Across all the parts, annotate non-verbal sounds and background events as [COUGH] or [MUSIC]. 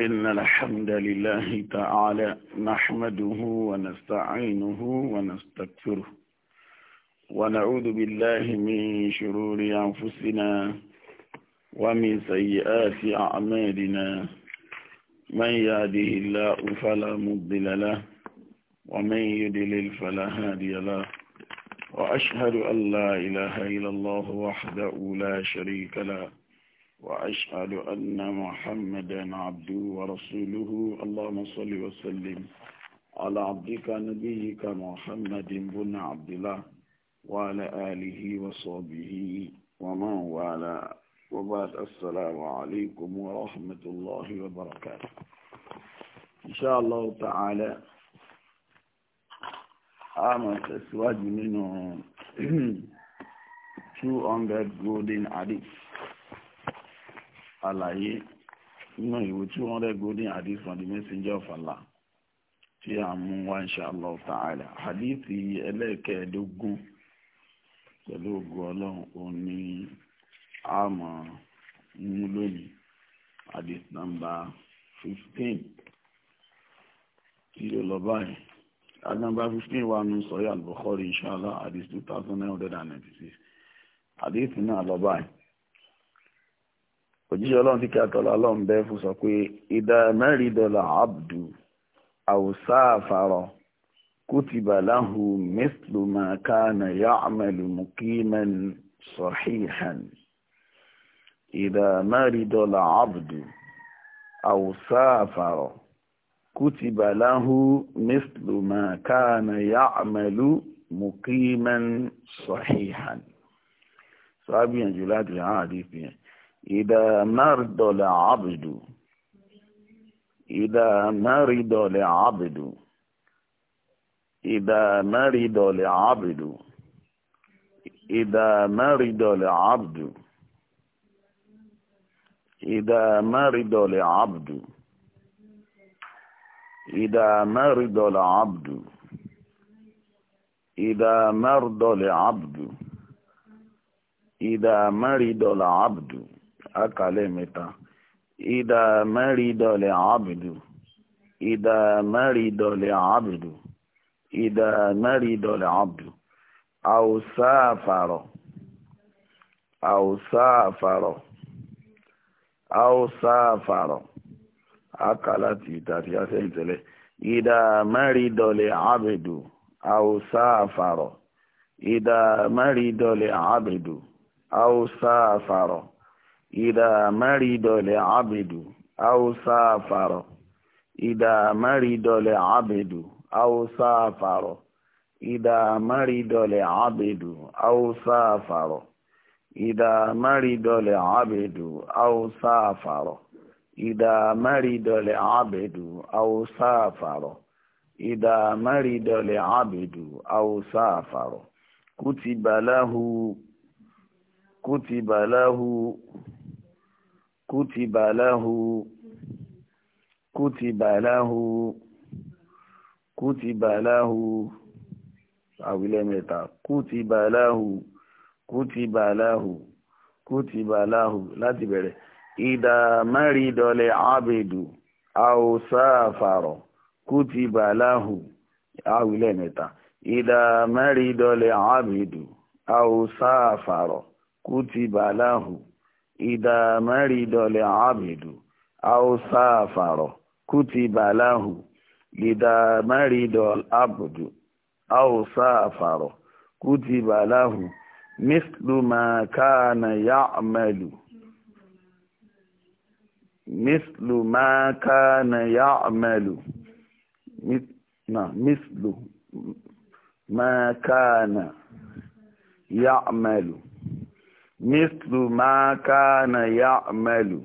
إن الحمد لله تعالى نحمده ونستعينه ونستغفره ونعوذ بالله من شرور أنفسنا ومن سيئات أعمالنا من يهده الله فلا مضل له ومن يدلل فلا هادي له وأشهد أن لا إله إلا الله وحده لا شريك له وأشهد أن محمدا عبده ورسوله اللهم صل وسلم على عبدك نبيك محمد بن عبد الله وعلى آله وصحبه ومن وعلى وبعد السلام عليكم ورحمة الله وبركاته إن شاء الله تعالى أما تسواج منه 200 [CLEARS THROAT] golden addicts àlàyé nínú ìwé tí wọ́n rẹ́gbó ní hadith from the messenger of Allah tí a mú wá insha Allah ta'ala hadith ẹlẹ́ẹ̀kẹ́ẹ̀dógún pẹ̀lú ògùn ọlọ́run òun ni a mọ̀ mú lónìí hadith number fifteen tí ó lọ báyìí hadith number fifteen wà nù sọ́yà al-Bukhari insha Allah hadith two thousand nine hundred and ninety six hadith náà lọ báyìí òjíṣẹ́ ọlọ́run tí kí àtọ́lá ọlọ́run bẹ́ fún sọ pé ìdá mẹ́rin dọ́là abdu àwùsáàfàrọ̀ kútìbà láhù mẹ́sìlùmá kánà yá àmàlùmù kí mẹ́n sọ̀híhàn ìdá mẹ́rin dọ́là abdu àwùsáàfàrọ̀ kútìbà láhù mẹ́sìlùmá kánà yá àmàlùmù kí mẹ́n sọ̀híhàn sọ láti hàn àdìsí إذا مرض العبد إذا مرض العبد إذا مرض العبد إذا مرض العبد إذا مرض العبد إذا مرض العبد إذا مرض العبد إذا مرض العبد àkàlẹ̀ mẹ́ta ìdá mẹ́rìndọ̀lẹ̀ àbìdù ìdá mẹ́rìndọ̀lẹ̀ àbìdù ìdá mẹ́rìndọ̀lẹ̀ àbìdù àwòsáàfàrọ̀ àwòsáàfàrọ̀ àwòsáàfàrọ̀ àkàlà ti ìtàtí àṣẹ́yìntẹ́lẹ̀ ìdá mẹ́rìndọ̀lẹ̀ àbìdù àwòsáàfàrọ̀ ìdá mẹ́rìndọ̀lẹ̀ àbìdù àwòsáàfàrọ̀ ìdá mẹ́rìndọ̀lẹ̀ àbèdù haúsá àfàrọ̀ ìdá mẹ́rìndọ̀lẹ̀ àbèdù haúsá àfàrọ̀ ìdá mẹ́rìndọ̀lẹ̀ àbèdù haúsá àfàrọ̀ ìdá mẹ́rìndọ̀lẹ̀ àbèdù haúsá àfàrọ̀ ìdá mẹ́rìndọ̀lẹ̀ àbèdù haúsá àfàrọ̀ ìdá mẹ́rìndọ̀lẹ̀ àbèdù haúsá àfàrọ̀ kùtìbàláhù kùtìbàláhù kutiba lahu kutiba lahu kutiba lahu àwílẹ́mẹ́ta kutiba lahu kutiba lahu kutiba lahu láti bẹ̀rẹ̀ ìdá mẹ́rìndọ́lẹ̀ ábèdù àwòsáàfàrọ̀ kutiba lahu àwílẹ́mẹ́ta ìdá mẹ́rìndọ́lẹ̀ ábèdù àwòsáàfàrọ̀ kutiba lahu. إذا مرض لعبد أو سافر كتب له إذا مرض العبد أو سافر كتب له مثل ما كان يعمل مثل ما كان يعمل نعم، مثل ما كان يعمل mislu ma kana ya'malu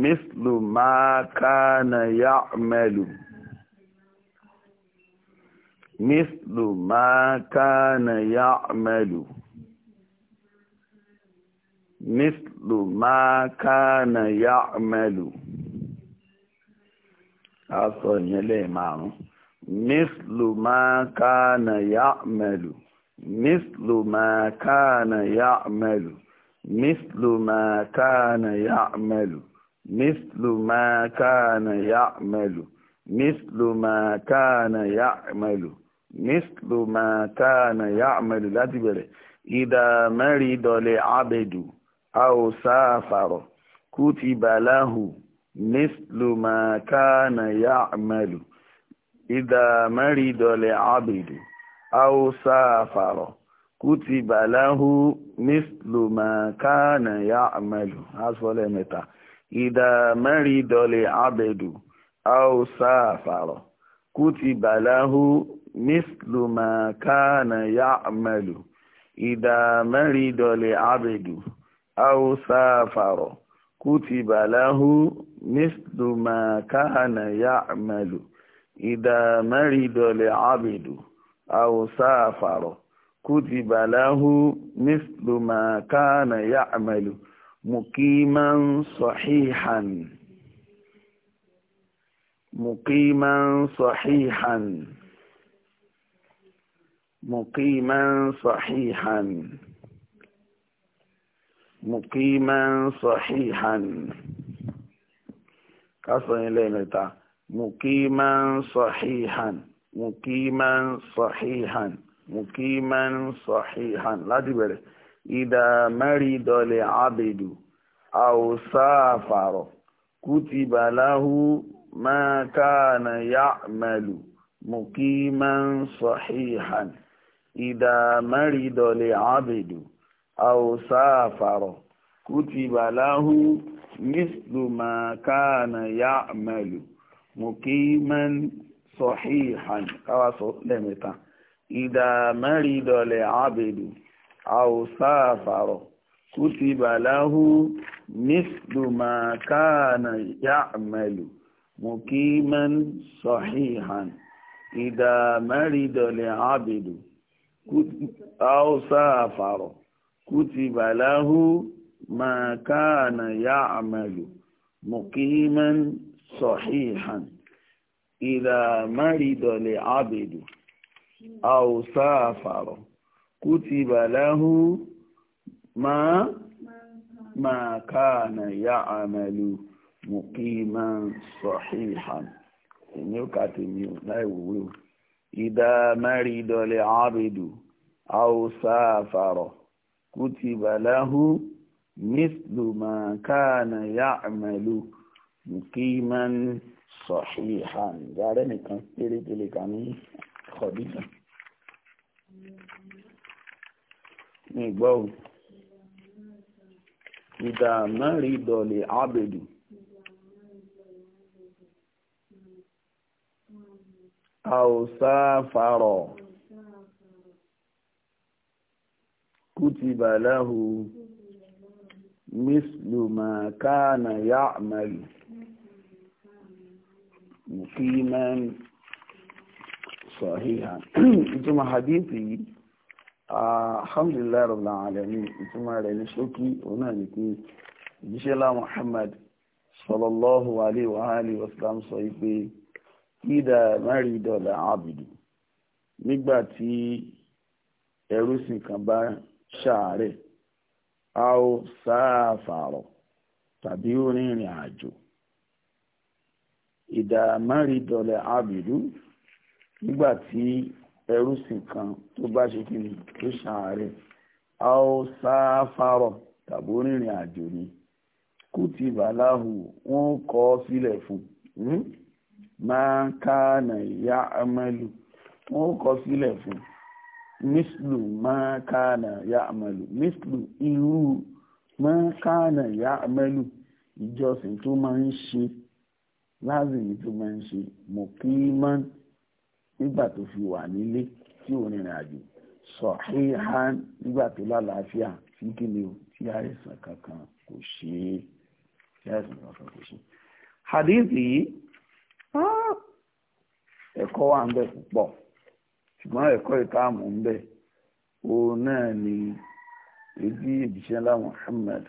mislu ma kana ya'malu mislu ma kana ya'malu mislu ma kana ya'malu aso yen le márùn mislu ma kana ya'malu mislu ma kana ya'malu mislu ma kana ya'malu mislu ma kana ya'malu mislu ma kana ya'malu mislu ma kana ya'malu láti bẹ̀rẹ̀ ìdá mẹ́rin dọ̀lẹ̀ abẹ́dù àwòsáfàrọ̀ kútìbà láhù mislu ma kana ya'malu ìdá mẹ́rin dọ̀lẹ̀ abẹ́dù. Aụsaa fara, kụtibaala n'ihu n'ịslu ma ka na ya melu. Azụọle meta: I daga mmeri dole abedu, aụsaa fara. Kụtibaala n'ihu n'ịslu ma ka na ya melu. I daga mmeri dole abedu, aụsaa fara. Kụtibaala n'ihu n'ịslu ma ka na ya melu. I daga mmeri dole àwòsáàfàrọ̀ kùtìbà láhù mísìlùmá kánà yá àmàlù mùkímà ń sọ̀híhàn mùkímà ń sọ̀híhàn mùkímà ń sọ̀híhàn mùkímà ń sọ̀híhàn kásán ilé mẹ́ta mùkímà ń sọ̀híhàn. مقيما صحيحا مقيما صحيحا لا تبالي إذا مريض لعبد أو سافر كتب له ما كان يعمل مقيما صحيحا إذا مريض لعبد أو سافر كتب له مثل ما كان يعمل مقيما sahihan káwá sọ lẹ́mẹ̀ta ìdá mẹ́rin dọ̀lẹ̀ àbèdù àwòsáàfàrọ̀ kútìbà láhú nífùdùmá káànà ya'malu mukiman sahihan ìdá mẹ́rin dọ̀lẹ̀ àbèdù àwòsáàfàrọ̀ kútìbà láhú ma káànà ya'malu mukiman sahihan ìdá márìdọ̀lẹ̀ àbèdù àwòsáàfàrọ̀ kú ti bàláhù máa máa káànà yá àmàlù mùkímà sọ̀híhàn èmi ó kàtè mi ò láìwòwé o ìdá márìdọ̀lẹ̀ àbèdù àwòsáàfàrọ̀ kú ti bàláhù mísìlùmà káànà yá àmàlù mùkímà sọ̀híhàn sahihan yàrá nìkan pérépéré kan ní kọ̀díjà ní ìgbọ́ o ìdá mẹ́rin ìdọ̀lẹ̀ ábèdù àwòsáfàrọ̀ kùtìbà láhù mísìlùmọ̀ káà nà yá àmàlù muqiman sahihan ìtumọ̀ hadithi yìí alhamdulilayi rabbil alamin ìtumọ̀ rẹ̀ ní ṣókí òun náà ní pé ìjíṣẹ́lá muhammad sallallahu alayhi wa alihi wa sallam sọ pé ìdá mẹ́rin dọ̀là àbìdì nígbà tí ẹrú sìn kan bá ṣàárẹ̀ a ó sáà fàárọ̀ tàbí ó rìnrìn àjò ìdààmárì dọ̀lẹ̀ àbìdú nígbà tí ẹrúsìn kan tó bá ṣe kí ni tó ṣàárẹ̀ a ó sáfárọ̀ tàbí onírìn àjò ni kùtìbà láhù wọn kọ sílẹ̀ fún hmm? máa kánà ìyá amẹ́lù wọn kọ sílẹ̀ fún mislu máa kánà ìyá amẹ́lù mislu irú máa kánà ìyá amẹ́lù ìjọsìn tó máa ń ṣe láàzìmí tó máa ń ṣe muqiman nígbà tó fi wà nílé tí ò rìnrìn àjò sahihan nígbà tó lálàáfíà tí kí ni o tí àìsàn kankan kò ṣe é tí àìsàn kankan kò ṣe é. hadith yìí ah, ẹ̀kọ́ wà ń bẹ púpọ̀ ṣùgbọ́n ẹ̀kọ́ ìtààmú ń bẹ òun náà ni èdè ìjíṣẹ́ ńlá Muhammad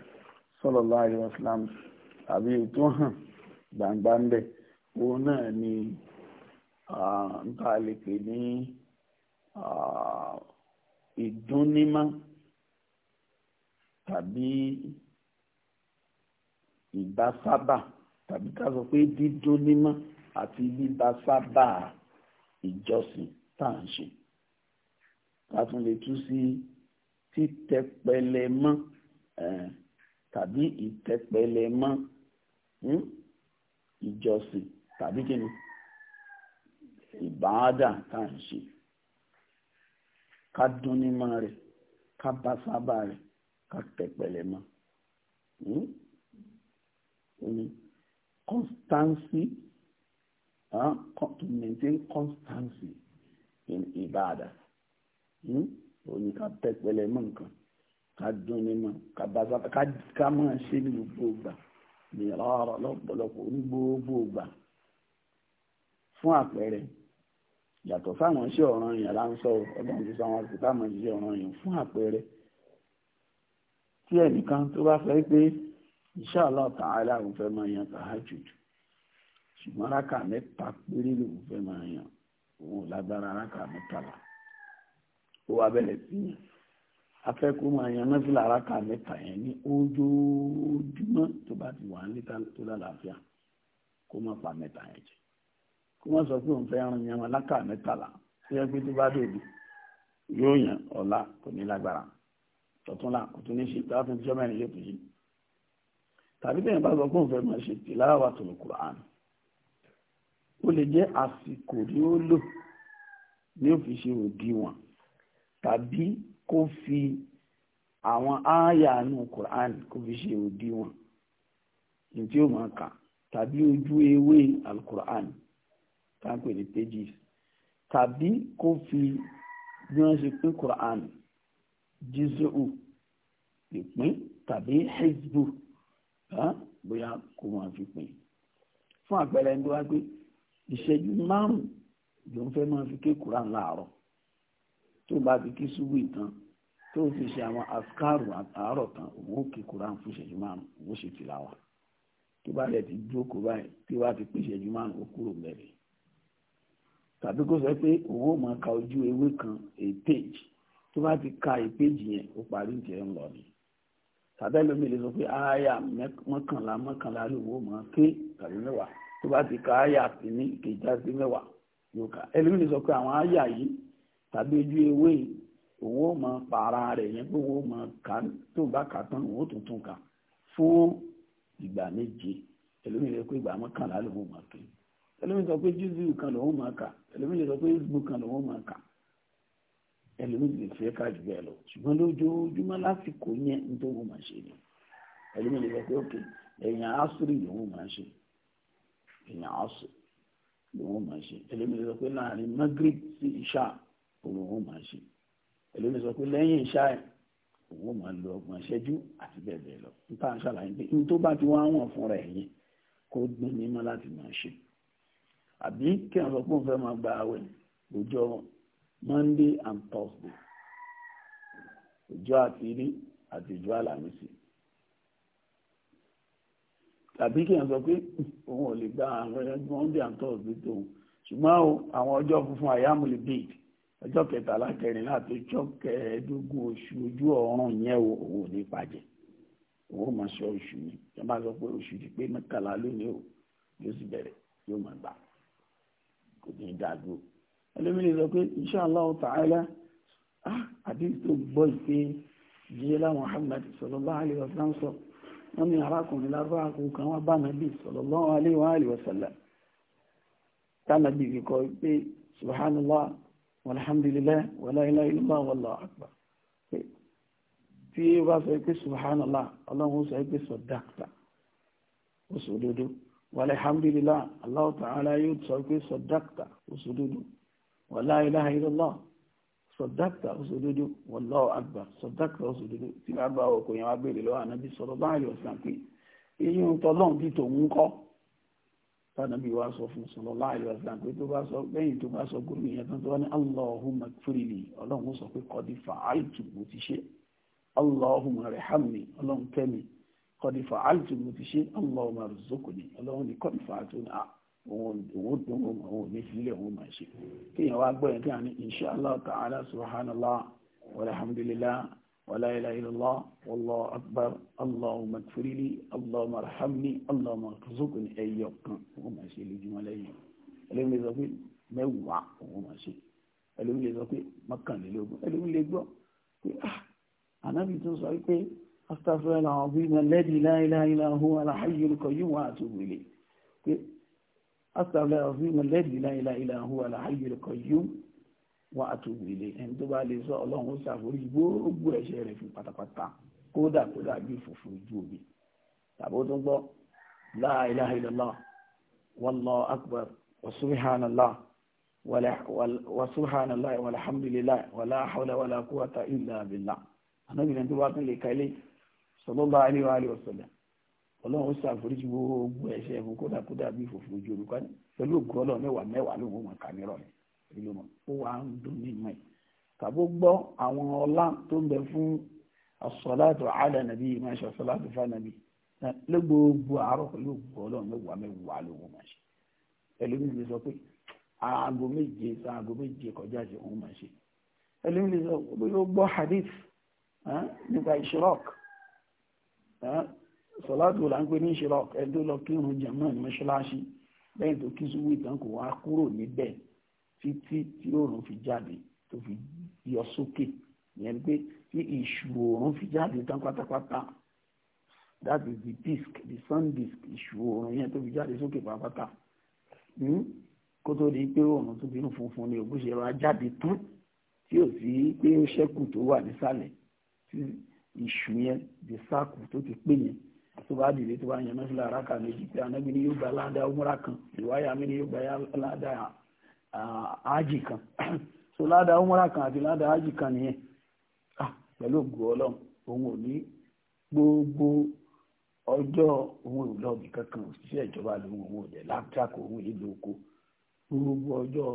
sallallahu alaihi àbí ètò hàn gbangba ń bẹ̀ òun náà ni n ta lè pè ní ìdúnnímọ́ tàbí ìbásábà tàbí ká sọ pé dídúnnímọ́ àti bíbásábà ìjọsìn tá à ń ṣe ká tún lè tú sí títẹpẹlẹ tàbí ìtẹpẹlẹ hm? ìjọsìn tàbí kí ni ìbáàdà tá à ń ṣe ká dún nímọ̀ rẹ̀ ká bá sábà rẹ̀ ká tẹ̀pẹ̀lẹ̀ mọ́ hmm? ní constancy uh, to maintain constancy in ìbáàdà hmm? ó ní ká tẹ̀pẹ̀lẹ̀ mọ́ nǹkan ká dún nímọ̀ ká bá sábà ká máa ṣe ní gbogbo ìgbà mìíràn lọ́pọ̀lọpọ̀ ní gbogbo ìgbà fún àpẹẹrẹ yàtọ̀ fáwọn iṣẹ́ ọ̀ràn yẹn là ń sọ ọlọ́run ti sọ àwọn àti fáwọn iṣẹ́ ọ̀ràn yẹn fún àpẹẹrẹ tí ẹnìkan tó bá fẹ́ pé insha Allah ta'ala òun fẹ́ máa yan tahajjud ṣùgbọ́n rákà mẹ́ta péré lòun fẹ́ máa yan òun lágbára rákà mẹ́tàlá ó wá bẹ̀rẹ̀ sí yàn afẹ́kọ́ máa yan náfìlà aráka mẹ́ta yẹn ní ojoojúmọ́ tó bá ti wà níta tó lálàáfíà kó má pa mẹ́ta yẹn jẹ kó má sọ pé òun fẹ́ ran yan aláka mẹ́tàlá tó yẹ pé tó bá dòdì yóò yan ọ̀la kò ní lágbára tọ̀túnla kò tún ní ṣe tó láti jọ́ mẹ́rin yóò tó yí tàbí tẹ̀yìn bá sọ pé òun fẹ́ máa ṣe tìláwà tó lè Kùránì ó lè jẹ́ àsìkò ni ó lò ní òfìṣe òdiwọ̀n tàbí kó fi àwọn ááyà nù Quran kó fi ṣe òdiwọ̀n ní tí ó máa kà tàbí ojú ewé al-Quran táǹpẹ̀ ní pages tàbí kó fi bí wọ́n ṣe pín Quran jizu ìpín tàbí hezbo bóyá kó máa fi pín fún àpẹẹrẹ ẹni tó wá pé ìṣẹ́jú márùn-ún ló máa fi ké Quran láàárọ̀ tó bá ti kí ṣubú ìtàn tó fi ṣe àwọn àṣkárù àárọ̀ tán òun ó kí koran fún ìṣẹ́jú márùn òun ṣe tìláwà tó bá rẹ̀ ti dúró kó báyìí tí wàá ti pé ìṣẹ́jú márùn ó kúrò mẹ́rin tàbí kó sọ pé òun ó máa ka ojú ewé kan a page tó bá ti ka a page yẹn ó parí ìjẹ ń lọ ni tàbí ẹlòmí lè sọ pé aya mọ́kànlá mọ́kànlá ló wọ́n máa ké tàbí mẹ́wàá tó bá ti ka aya kìíní kejì àti mẹ́wàá yóò kà ẹlòmí lè sọ pé àwọn aya yìí tàbí ojú ewé òun ó máa pààrà rẹ̀ yẹn pé òun ó máa kà tó bá kà tán òun ó tuntun kà fún ìgbà méje ẹlòmíì lè pé ìgbà mọ́kànlá lòun máa kà ẹlòmíì sọ pé júùsù kan lòun máa kà ẹlòmíì lè sọ pé ìsìnkú kan lòun máa kà ẹlòmíì lè fẹ́ ká bẹ́ẹ̀ lọ ṣùgbọ́n lójoojúmọ́ lásìkò yẹn ní tó wọ́n máa ṣe ni ẹlòmíì lè sọ pé òkè ẹ̀yìn asúrì lòun máa ṣe ẹ̀yìn asúrì lòun máa ṣe ẹlòmíì lè sọ pé láàrin magrib sí ìṣáà òun ò máa ṣe ẹlòmíín sọ pé lẹ́yìn ìṣáà òun ò máa lo ọgbọ̀n ṣẹ́jú àti bẹ́ẹ̀ bẹ́ẹ̀ lọ nípa àṣàlàyé pé ní tó bá ti wá wọ̀n fúnra ẹ̀yìn kó gbọ́n mímọ́ láti máa ṣe àbí kí àwọn ọ̀pọ̀ fẹ́ máa gba àwẹ̀ ọjọ́ Monday and Thursday ọjọ́ àtìrí àti ọjọ́ àlàmísì tàbí kí n sọ pé òun ò lè gba àwọn Monday and Thursday tóun ṣùgbọ́n àwọn ọjọ́ funfun àyàmùlẹ̀ bíi ọjọ́ kẹtàlá kẹrìnlá àti ọjọ́ kẹẹ̀ẹ́dógún oṣù ojú ọ̀run yẹn o òun ò ní pàjẹ́ òun máa sọ oṣù ni ẹ máa sọ pé oṣù ti pé mẹ́tàlá lónìí o yóò sì bẹ̀rẹ̀ yóò máa gbà kò ní í dàgbò ẹlẹ́mìnira sọ pé insha Allah ta'ala ah, àdéhùn tó gbọ́ ìpè jíjẹ́lá Muhammad sallallahu alaihi wasallam sọ wọ́n ní arákùnrin lárúbá àkókò kan wá bá nàbí sallallahu alaihi wa alihi wasallam tánàbí fi kọ́ pé subhanallah alhamdulillah wala ilaha illallah wallahu akbar tí ó bá sọ pé subhanallah ọlọ́run sọ pé sọ̀dáàkà òṣòdodo wala alhamdulillah Allahu ta'ala yóò sọ pé sọ̀dáàkà òṣòdodo wala ilaha illallah sọ̀dáàkà òṣòdodo wallahu akbar sọ̀dáàkà òṣòdodo tí bá bá ọkọ̀ yẹn wá béèrè lọ́wọ́ ànábì sallallahu alaihi wasallam pé èyí ń bí tòun kọ́ tánàbí wa sọ fún sallallahu alaihi wasallam pé tó bá sọ lẹ́yìn tó bá sọ gómìnà yẹn tán tó wá ní allahumma firili ọlọ́run sọ pé kọ́dí fa'altu mo ti ṣe allahumma rahamni ọlọ́run kẹ́mi kọ́dí fa'altu mo ti ṣe allahumma rizukuni ọlọ́run ní kọ́dí fa'altu ní òun ò dùn òun òun òun máa ṣe kéèyàn wá gbọ́ yẹn kí wọ́n ní insha ta'ala subhanallah walhamdulillah ولا إله إلا الله والله أكبر اللهم اغفر لي اللهم ارحمني اللهم ارزقني أيقن وما شيء لجمالين ẹlẹ́mi lè sọ pé mẹ́wàá òun máa ṣe ẹlẹ́mi lè sọ pé mọ́kànlélógún ẹlẹ́mi lè gbọ́ pé ah ànábì tó sọ pé astafurẹ́ làwọn bí iná lẹ́dí láìláìlá ohun aláhàyè olùkọ́ yìí wọ́n àtúbù ilé pé astafurẹ́ làwọn bí iná lẹ́dí láìláìlá ohun aláhàyè olùkọ́ yìí wá àtúbìlẹ̀ ẹni tó bá lè sọ ọlọ́run ó ṣàforí gbogbo ẹ̀ṣẹ̀ rẹ̀ fún pátápátá kódà kódà bí fùfú ojú omi tàbí ó tún gbọ́ la ilaha illallah wallahu akbar wa subhanallah wa subhanallah walhamdulillah wala hawla wala quwwata illa billah anábìnrin tó bá tún lè ka ilé sallallahu alaihi wa sallam ọlọ́run ó ṣàforíjì gbogbo ẹ̀ṣẹ̀ fún kódà kódà bí fùfú ojú omi pẹ̀lú ògùn ọlọ́run mẹ́wàá mẹ́wàá ló ń mọ̀ ìlú wọn ó wà ń dùn ní ìmọ̀ ẹ̀ tàbó gbọ́ àwọn ọlá tó ń bẹ fún as-salatu ala nabi máa ṣe as-salatu fa nabi lé gbogbo àárọ̀ pẹ̀lú ògbó ọlọ́run mẹ́wàá mẹ́wàá ló wọ́n máa ṣe ẹlòmíì lè sọ pé aago méje aago méje kọjá ṣe òun máa ṣe ẹlòmíì lè sọ pé ó gbọ́ hadith nípa ishraq sọ̀látù là ń pè ní ishraq ẹni tó lọ kírun jàmáà ní mọ́ṣáláṣí tó kí sùwìtàn kò wá kúrò níbẹ̀ títí tí òòrùn fi jáde tó fi yọ sókè ìyẹn pé tí ìṣù òòrùn fi jáde tán pátápátá that is the disk the sun disk ìṣù òòrùn yẹn tó fi jáde sókè pátápátá hmm? kó tó di pé òòrùn tó bínú funfun ni òbí ṣe wá jáde tán tí ò sí pé ó ṣẹ́kù tó wà nísàlẹ̀ tí ìṣù yẹn di sáàkù tó ti pé yẹn tó bá dìde tó bá yẹn mẹ́fìlá ara kà méjì pé anábì ni yóò gba ládàá ó múra kan ìwáyà mi ni yóò gba ládàá ájì ah, kan [CLEARS THROAT] so ládàá umra kan àti ládàá ájì kan nìyẹn ah, pẹ̀lú ògùn ọlọ́run òun ò ní gbogbo ọjọ́ òun ò lọ́ọ̀bì kankan òṣìṣẹ́ ìjọba lòun òun ò dẹ̀ láptàkì òun èlò oko gbogbo ọjọ́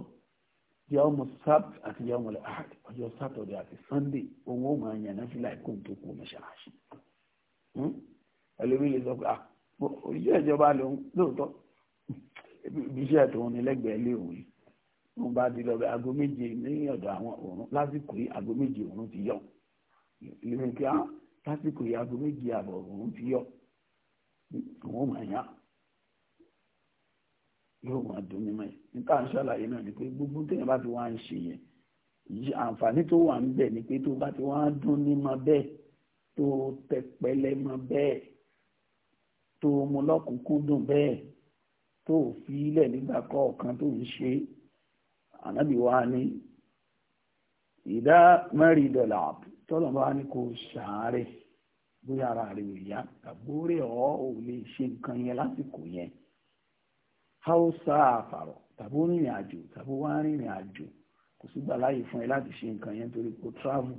yọmọ sábt àti yọmọ ahad ọjọ́ sátọ̀dẹ̀ àti sànńdé òun ó máa yànnà fílà ikú tó kú mọ́ṣáláṣí hmm? ẹlòmí lè sọ pé ah, òṣìṣẹ́ ìjọba lòun lóòótọ́ ibi iṣẹ́ tòun ní lẹ́gbẹ̀ẹ́ lé òun yìí mo bá di lọ bẹ aago méje ní ọ̀dọ̀ àwọn òrùn lásìkò yìí aago méje òrùn ti yọ ìlú kí á lásìkò yìí aago méje àbọ̀ òrùn ti yọ òun mà yá yóò máa dùn mí mọ́ ẹ̀ níta ń ṣàlàyé náà ni pé gbogbo téèyàn bá ti wá ń ṣe yẹn àǹfààní tó wà ń bẹ̀ ni pé tó bá ti wá dún ní mọ bẹ́ẹ̀ tó tẹpẹlẹ mọ bẹ́ẹ̀ tó mú lọ́kùnkúndùn bẹ́ẹ̀ tó fi ilẹ̀ nígbà kọ̀ọ̀kan tó ń ṣe é ànábì wa ní ìdá mẹ́rin dọ̀là tọ́lọ̀ bá ní kò ṣàárẹ̀ bóyá ara rẹ̀ ò yá tàbórí ọ̀ ò lè ṣe nǹkan yẹn lásìkò yẹn hausa àfàrọ̀ tàbó rìnrìn àjò tàbó wá rìnrìn àjò kò sígbà láàyè fún ẹ láti ṣe nǹkan yẹn torí kò travel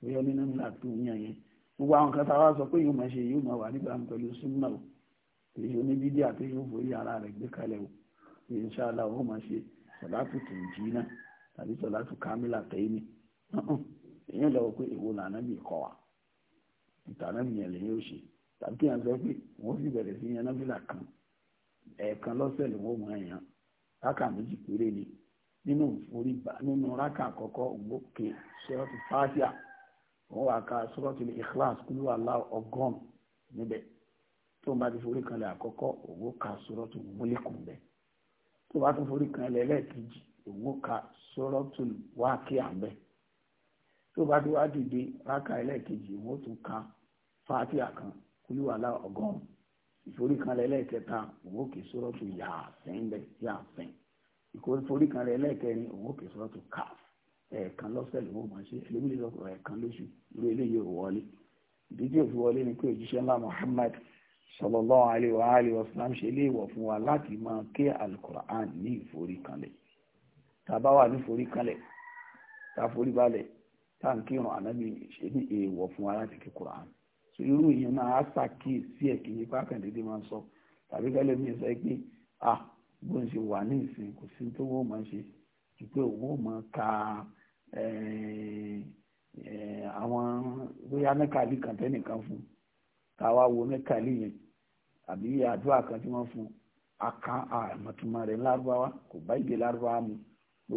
bóyá nínú ńlá tó yàn yẹn gbogbo àwọn kan tá a wá sọ pé yóò máa ṣe yóò máa wà níbàámu pẹ̀lú súnmọ́ o èyí oníbídíà tó yóò forí ara rẹ̀ gbé kalẹ̀ o inshallah ó máa ṣe salatu tìǹjìnà tàbí salatu kámílà tẹ́yìnì èèyàn lọ́wọ́ pé èwo làánà bì kọ́ wa ìtànà bìyàn lèyìn ò ṣe tàbí kí èèyàn sọ pé wọ́n sì bẹ̀rẹ̀ sí yan kan ẹ̀ẹ̀kan lọ́sẹ̀ ló wọ́n mọ méjì péré ni nínú ìforí bá nínú àkọ́kọ́ ògbókè sọ́ọ̀tì fáṣíà wọ́n wà ká sọ́ọ̀tì ìkíláàsì kúlú àlá níbẹ̀ tó ń bá ti forí àkọ́kọ́ ògbókà sọ́ọ̀tì tó bá tún forí kan lẹ́lẹ́kejì òun ka suratul Waqia àbẹ́ tó bá tún wá dìde rákà ẹlẹ́kejì òun tún ka Fatiha kan kúlúwàlá ọgọ́rùn-ún ìforíkanlẹ̀ lẹ́ẹ̀kẹta òun kì í sọ̀rọ̀ tó Yàsín bẹ̀ Yàsín ìforíkanlẹ̀ lẹ́ẹ̀kẹrin òun kì í sọ̀rọ̀ tó Káf ẹ̀ẹ̀kan lọ́sẹ̀ lówó máa ṣe ẹlẹ́mìlì lọ́kọ̀ ẹ̀ẹ̀kan lóṣù lórí eléyìí ò wọlé òfin wọlé ni pé òjíṣẹ́ ńlá Muhammad sallallahu alaihi wa alihi wasallam ṣe léèwọ̀ fún wa láti máa ké alukur'an ní ìforíkanlẹ̀ tàbá wà ní ìforíkanlẹ̀ tàforíbalẹ̀ táǹkìrùn ànábì ṣe ní èèwọ̀ fún wa láti ké kur'an so irú ìyẹn náà á ṣàkíyèsí ẹ̀ kì í pákàndínlẹ́ máa sọ tàbí kẹ́lẹ́ mi sọ pé ah bó ń ṣe wà ní ìsìn kò sí tó wọ́n máa ṣe ju òun ò máa ka eh, eh, àwọn bóyá mẹ́kàlì kan tẹ́nìkan fún káwa wo mẹ́kàlì yẹn àbí àdúrà kan tí wọ́n fún aka a rẹ̀ lárúbáwá kò bá èdè lárúbáwá mu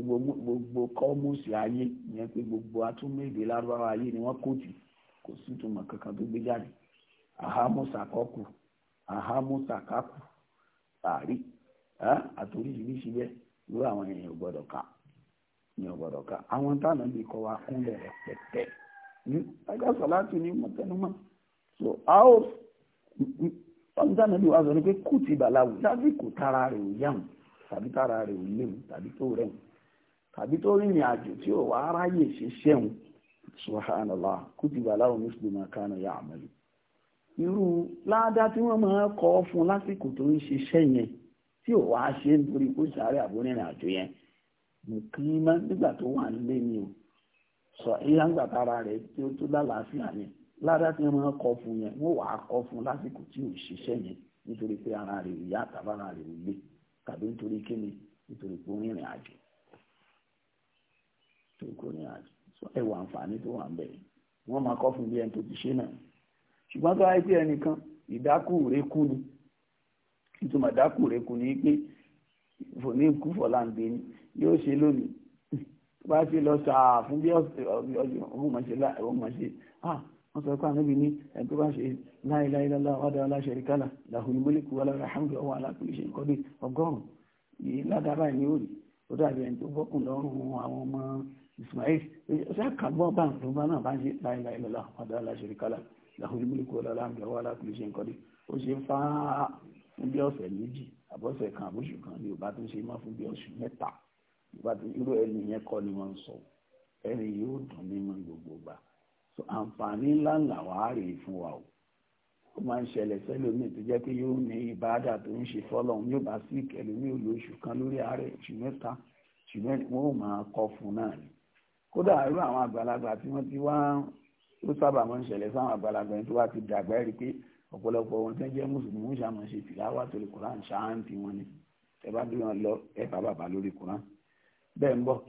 gbogbo gbogbo kọ́mùsì ayé ìyẹn pé gbogbo atúmọ̀ èdè lárúbáwá ayé ni wọ́n kóòtù kò sí kankan tó gbé jáde ahamusakọ́kù àrí àtòríṣiríṣi bẹ́ẹ̀ àwọn èèyàn ká èèyàn ká àwọn táwọn kọ́ wa kún tọ́bí tá nàbí wàá sọ ni pé kù ti bàláwù lásìkò tára rẹ̀ ò yáwù tàbí tára rẹ̀ ò léwu tàbí tó rẹ̀wù tàbí tó rìnrìn àjò tí ò wá ráyè ṣe ṣẹ́wù subhanallah kù ti bàláwù mùsùlùmí kánú yà àmàlù irú ládá tí wọ́n máa kọ fún lásìkò tó ń ṣiṣẹ́ yẹn tí ò wá ṣe nítorí kó sàárẹ̀ àbórìnrìn àjò yẹn nìkan mọ́ nígbà tó wà nílé ni o sọ ìyá ń gbà tára rẹ̀ tó lálàáfíà yẹn lára tí wọ́n kọ fún yẹn wọ́n wàá kọ fún lásìkò tí ò ṣiṣẹ́ yẹn nítorí pé ara rẹ̀ ò yá tàbí ara rẹ̀ ò lé tàbí nítorí kíni nítorí pé ó rìnrìn àjò tó kó rìnrìn àjò ẹwà àǹfààní tó wà ń bẹ máa kọ fún bí ẹni tó ti ṣe náà ṣùgbọ́n tó wáyé pé ẹnìkan ìdákùrẹ́kù ni ìtumọ̀ ìdákùrẹ́kù ni pé fòní kú fọláǹgbé ni yóò ṣe lónìí tó bá ṣe lọ sàá fún bí ọ̀hún mọ̀ wọ́n sọ pé ànábì ní ẹ̀tọ́ bá ṣe la ilaha illallah wahdahu la sharika lahu lahul mulku wa lahul hamdu wa huwa ala kulli shay'in qadir ọgọ́rùn-ún yìí ládàbà ní òòrì ó dàbí ẹni tó bọ́kùn lọ́rùn àwọn ọmọ Ismail ṣàkàgbọ́ bá ń lọ́ba náà bá ń ṣe la ilaha illallah wahdahu la sharika lahu lahul mulku wa lahul hamdu wa huwa ala kulli shay'in qadir ó ṣe fáá so àǹfààní ńlá ńlá wàá rè é fún wa o ó máa ń ṣẹlẹ̀ sẹ́lómi tó jẹ́ pé yóò ní ìbáàdà tó ń ṣe fọ́lọ́hún yóò bá sí ìkẹlómi ò lo oṣù kan lórí ààrẹ oṣù mẹ́ta ṣùgbọ́n wọ́n ò máa kọ́ fún náà ni kódà irú àwọn àgbàlagbà tí wọ́n ti wá ó sábà máa ń ṣẹlẹ̀ sáwọn àgbàlagbà yẹn tó wá ti dàgbà rí pé ọ̀pọ̀lọpọ̀ wọn tó ń jẹ́ mùsùlùmí ń ṣàmọ̀ ṣe tìláwà torí koran ṣáàǹtì wọn ni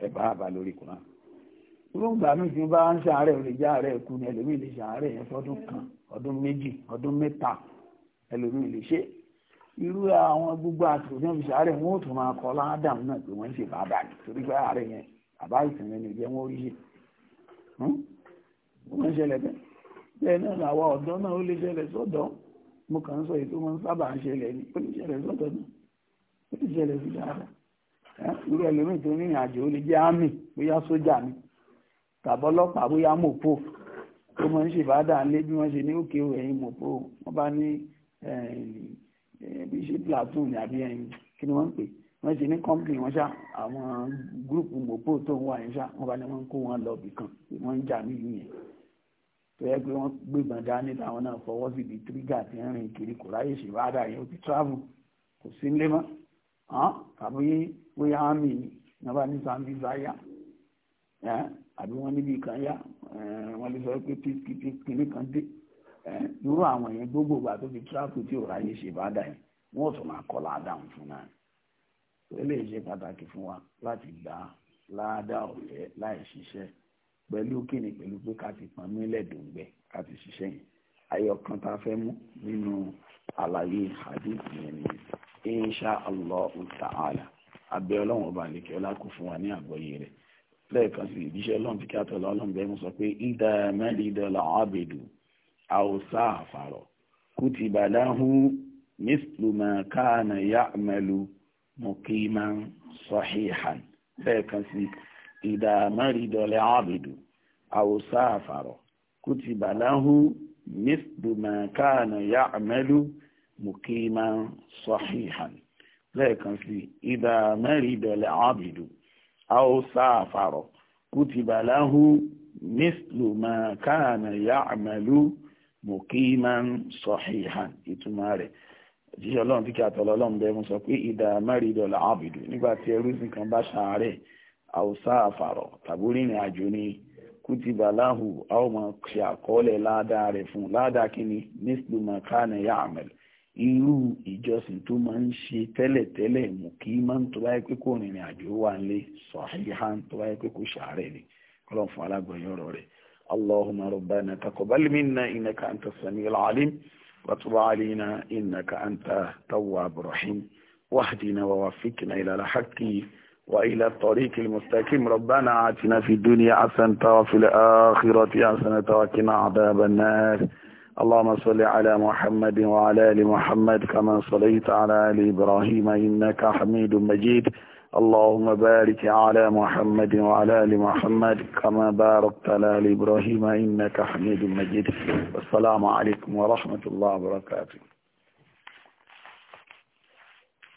ẹ bá irúgbà mi tí bá ń ṣàárẹ̀ ò lè jẹ́ àárẹ̀ kú ni ẹlòmíì lè ṣàárẹ̀ yẹn fọ́dún kan ọdún méjì ọdún mẹ́ta ẹlòmíì lè ṣe irú àwọn gbogbo àsìkò tí wọ́n fi ṣàárẹ̀ wọn ò tún máa kọ́ ládàm náà pé wọ́n ń ṣe bàbá ni torí pé àárẹ̀ yẹn àbá ìsinmi ni ìjẹ́ wọn ò wọ́n hmm? ń ṣẹlẹ̀ bẹ́ẹ̀ náà làwọn ọ̀dọ́ náà ó lè ṣẹlẹ̀ sọ́dọ̀ mo kàn ń sọ èyí tó máa ń sábà ń ṣẹlẹ̀ ni ó lè ṣẹlẹ̀ sọ́dọ̀ náà ó lè ṣẹlẹ̀ sí dáadáa irú ẹlòmíì tó ní ìrìn àjò ó lè jẹ́ àmì bóyá sójà ni tàbí ọlọ́pàá bóyá mòpó tó mọ̀ ń ṣe ìbádà lé bí wọ́n ṣe ní òkè ẹ̀yìn mòpó wọ́n bá ní eh, eh, bí ṣe platoon ní àbí ẹ̀yìn kí ni wọ́n ń pè wọ́n ṣe ní company wọn ṣá àwọn gúrùpù mòpó tó ń wà yẹn ṣá wọ́n bá ní wọ́n kó wọn lọ bìkan pé wọ́n ń jà nílùú yẹn tó yẹ pé wọ́n gbébọn dání táwọn náà fọwọ́ sí ibi tírígà tí ń rìn kiri kò ráyè ṣe ìbádà yẹn ó ti travel kò sí nílé mọ́ tàbí bóyá àmì ni wọ́n bá ní sanbi zaya eh, àbí wọ́n níbi kan yá eh, wọ́n lè sọ pé peacekeeping kìnnì kan dé eh, irú àwọn yẹn gbogbo ìgbà tó fi tíráàpù tí ò ráyè ṣe bá dà yìí wọ́n sọ máa kọ́ láàdáhùn fún náà eléyìí ṣe pàtàkì fún wa láti gbà láàdá ọ̀fẹ́ láì ṣiṣẹ́ pẹ̀lú kíni pẹ̀lú pé ká ti pọn mílẹ̀ dòǹgbẹ ká ti ṣiṣẹ́ yìí ayọ̀kan tá a fẹ́ mú nínú àlàyé hadith yẹn ni insha allah ta'ala abẹ́ ọlọ́run ọba àlekẹ́ ọlá fún wa ní àgbọ́yé rẹ̀ lẹ́ẹ̀kan sí ìbíṣẹ́ ọlọ́run tí kí á tọ̀lọ́ ọlọ́run bẹ́ẹ̀ mú sọ pé ìdá mẹ́rìndínlẹ́ làwọn àbèdù àwòsá àfàrọ̀ kùtìbà láhù mísùlùmọ̀ káànà yá mẹ́lu mùkìmá sọ̀híhàn lẹ́ẹ̀kan sí ìdá mẹ́rìndínlẹ́ làwọn àbèdù àwòsá àfàrọ̀ kùtìbà láhù mísùlùmọ̀ káànà yá mẹ́lu mùkìmá sọ̀híhàn lẹ́ẹ̀kan sí ìdá mẹ́rìndínlẹ́ làwọn àbèdù haúsá àfàrọ̀ kùtìbà láhù mislu ma kana ya'malu muqiman sahihan ìtumọ̀ rẹ̀ òjíṣẹ́ ọlọ́run tí kí àtọ̀lọ́ ọlọ́run bẹ́ẹ̀ mú sọ pé ìdá mẹ́rìndínlọ́lá àbìdù nígbà tí ẹrú sì kan bá ṣàárẹ̀ haúsá àfàrọ̀ tàbí rìnrìn àjò ni kútìbà láhù a ó máa ṣe àkọọ́lẹ̀ ládàá rẹ̀ fún ládàá kínní nísìlùmọ̀ kánà yá àmẹ́lẹ̀ irú ìjọsìn tó máa ń ṣe tẹ́lẹ̀ tẹ́lẹ̀ mú kí máa ń tó báyé pé kò rìnrìn àjò wà ń lé sahihan tó báyé pé kò ṣàárẹ̀ ni kọ́lọ́ fún alágbọ̀nyọ́ ọ̀rọ̀ rẹ̀ allahumma rabbana taqabbal minna innaka anta samiul alim wa tub alayna innaka anta tawwabur rahim wahdina wa waffiqna ila al-haqqi wa ila tariqil mustaqim rabbana atina fid dunya hasanatan wa fil akhirati hasanatan wa qina adhaban nar اللهم صل على محمد وعلى آل محمد كما صليت على آل إبراهيم إنك حميد مجيد اللهم بارك على محمد وعلى آل محمد كما باركت على آل إبراهيم إنك حميد مجيد والسلام عليكم ورحمة الله وبركاته